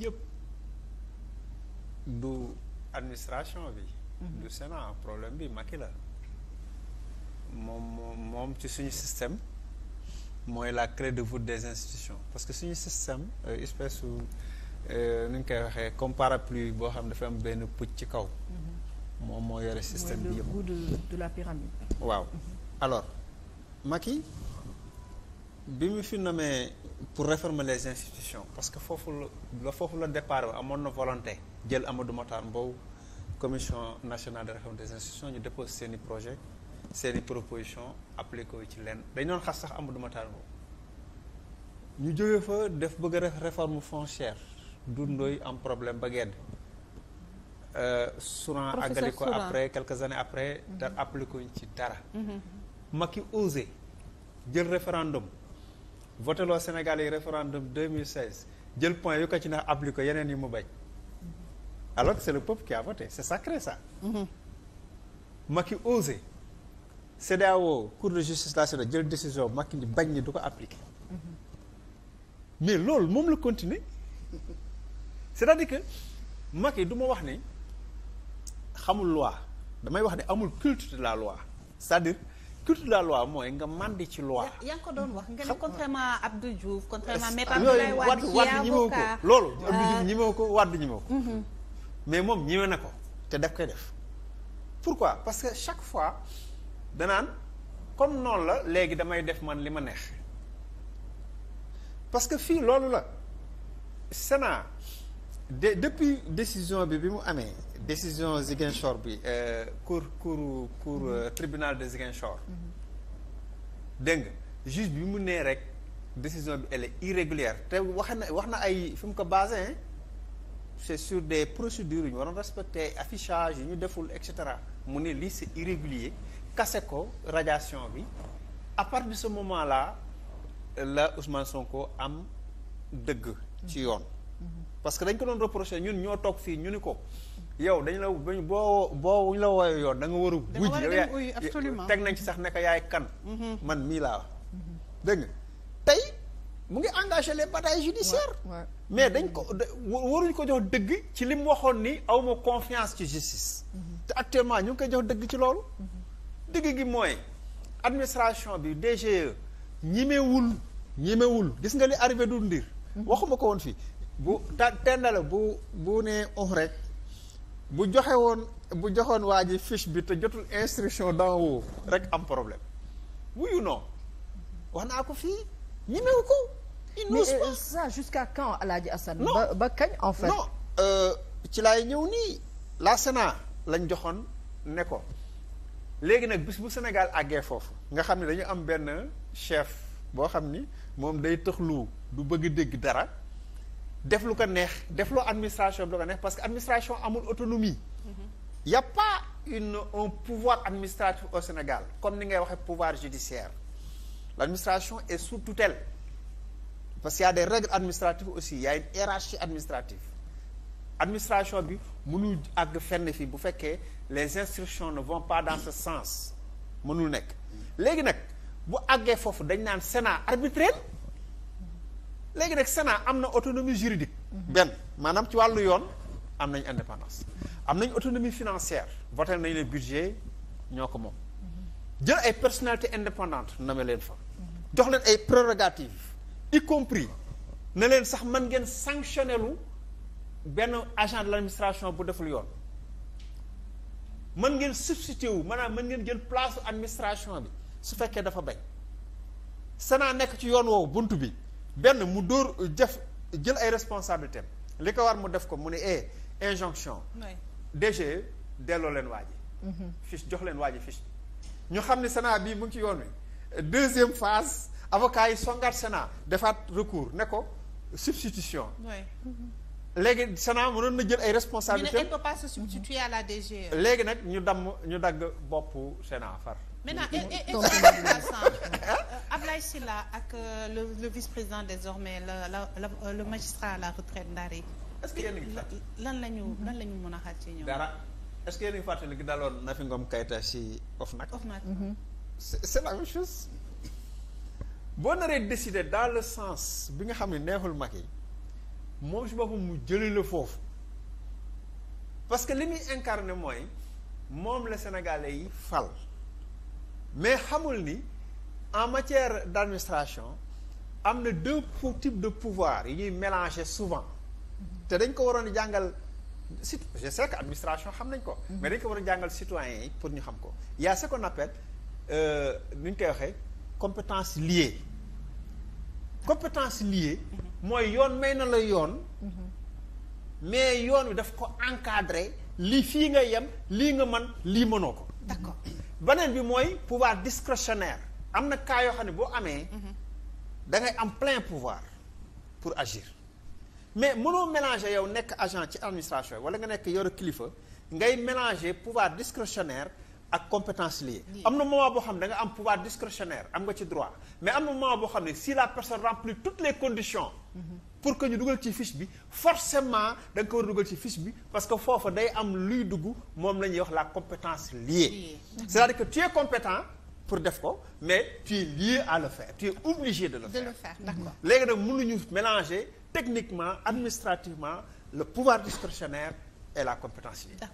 yëpp du administration bi. Mhm. du Sénat problème bi Macky la. moom moom ci suñu système mooy la clé de voûte des institutions parce que suñu système euh, espèce su euh, nu ñu koy waxee comme parapluie boo xam dafa am benn pucc ci kaw. Mhm. moom moo yore système bi yëpp waaw mhm. alors Macky bi mu fi nommé pour réformer les institutions parce que foofu la foofu la départ amoon na volonté jël Amadou Mahtar Mbow commission nationale de réforme des institutions ñu dépose seen i projet seen i proposition appliqué ci lenn dañ doon xas sax Amadou Mahtar Mbow ñu jógee fa def bëgg a réforme foncière dundooy am problème ba gedd euh, Souran àggali ko après quelques années après dara mhm. appliqué ko ci dara mhm. Macky osé jël référendum voté loo Sénégal yi référendum 2016 jël point yu ko ci na appliqué yeneen yi mu bañ alors que c'est le peuple qui a voté c'est sacré ça mm-hmm. Macky osé CEDEAO cour de justice nationale jël décision Macky ni bañ ni du ko appliqué mm-hmm. mais loolu moom la continuer c'est-à-dire que Macky du ma wax ni xamul loi damay wax ne amul culte de la loi c'est-à-dire toute la loi mooy nga mandi ci loi. yaa ngi ko doon wax nga ne contrairement Abdou Diouf contrairement mais Abdoulaye Wade ñi moo ko loolu Abdou euh, Diouf ñi moo ko Wade ñi ko mhm. mais moom ñime na ko te daf koy def pourquoi parce que chaque fois danaan comme noonu la léegi damay def man li ma neex parce que fii loolu la Sénat de depuis décision bi bi mu amee décision Ziguinchor bi euh, cour cour cour mm -hmm. tribunal de Ziguinchor. Mhm. dégg nga juge bi mu nee rek décision bi ele est irrégulière te wax na wax na ay fi mu ko est sur des procédures yu ñu waroon respecter affichage yu ñu deful et cetera mu ne lii c' est irrégulier kase ko radiation bi à partir de ce moment là la Ousmane Sonko am dëgg. ci yoon. Mhm. parce que dañ ko doon reproché ñun ñoo toog fii ñu ni ko. yow dañu la boo boo boo ñu la woowee yoon da nga war a. wuj yow yaa teg nañ ci sax ne ko yaay kan. Mm-hmm. man mii laa wax. Mm-hmm. dégg nga tey mu ngi engagé les batailles judiciaires. mais dañ ko waruñ ko jox dëgg ci li mu waxoon ni aw ma confiance ci justice. Mm-hmm. te actuellement ñu ngi koy jox dëgg ci loolu. dëgg gi mooy administration bi DGE ñimewul ñimewul gis nga li arrivé du ndir. waxuma ko woon fii bu ta tendale bu bu nee ox rek. bu joxe woon bu joxoon waa ji fiche bi te jotul instruction d'en haut rek am problème wuyu non wax naa ko fii ñemewu ko il n'ose pas ça jusqu'à quand Alaaji Assane ba ba kañ en fait non euh, ci laay ñëw nii la Sénat lañ joxoon ne ko léegi nag bis bu Sénégal àggee foofu nga xam ne dañu am benn chef boo xam ni moom day tëxlu du bëgg dégg dara def lu ko neex def loo administration bi lu ko neex parce que administration amul autonomie mhm. y a pas une un pouvoir administratif au Sénégal comme ni ngay waxee pouvoir judiciaire l'administration est sous tutelle parce qu'il y des règles administratives aussi il y a une hiérarchie administrative administration bi mënul àgg fenn fii bu fekkee les instructions ne von pas dans ce sens mënul nekk léegi nag bu àggee foofu dañ naan Sénat arbitraire léegi nag Sénat am na autonomie juridique. Mhm. benn maanaam ci wàllu yoon am nañ indépendance am nañ autonomie financière voté nañu le budget ñoo ko moom mhm. jël ay personnalités indépendantes name leen fa. jox leen ay prérogatives y compris ne leen sax man ngeen sanctionné lu benn agent de l'administration bu deful yoon mën ngeen substitué wu maanaam mën ngeen jël place administration bi su fekkee dafa bañ Sénat nekk ci yoon woowu bunt bi. benn mu dóor jëf jël ay responsabilités li ko war mu def ko mu ne eh injonction. DG delloo leen waa ji. Mhm. fiche jox leen waa ji fiche ñu xam ne Sénat bii mu ngi ci yoon wi deuxième phase avocat yi songaat Sénat defaat recours ne ko substitution. léegi Sénat mënoon na jël ay responsabilités. ñu ne elle ne peut pas se substituer à e. léegi nag ñu damm ñu dagg boppu Sénat far. maintenant euh, Ablaye euh, Sylla ak euh, le le vice-président désormais la la le magistrat à la retraite Ndari. est-ce que yéen a ngi fàttali lan la ñu lan la ñu mën a xaar ci ñoom. dara est-ce que yéen a ngi fàttali gi daloon Nafi Ngom Keïta ci OFNAC. OFNAC mhm. c'est la même chose. boo naree décider dans le sens bi nga xam ne neexul mag yi moom ci boppam mu jëli la foofu parce que li muy incarné mooy moom la Sénégalais yi fal. mais xamul ni en matière d'administration am na deux types de pouvoir yi ñuy mélanger souvent te dañ ko waroon jàngal si je sais que xam nañ ko mais ko war a jàngal citoyens yi pour ñu xam ko y a ce qu'on appelle euh, nu ñu koy waxee compétence liée compétence liée mooy yoon may na la yoon mais yoon wi daf ko encadrer li fii nga yem lii nga man lii mënoo ko d'accord beneen bi mooy pouvoir discrétionnaire am na cas yoo xam ne boo amee da ngay am plein pouvoir pour agir mais mënoo mélanger yow nekk agent ci administration wala nga nekk yore kilifa ngay mélanger pouvoir discrétionnaire ak compétence liée am na moment boo xam ne da am pouvoir discrétionnaire am nga ci droit mais am na moment boo xam ne si la personne remplit toutes les conditions mm-hmm. pour que ñu dugal ci fiche bi forcément da nga ko war a dugal ci fiche bi parce que foofa day am luy dugg moom la ñuy wax la compétence liée mhm. c'est-à-dire que tu es compétent pour def ko mais tu es lié à le faire tu es obligé de le faire de le faire d'accord mhm. léegi nag mënuñu mélanger techniquement administrativement le pouvoir discrétionnaire et la compétence liée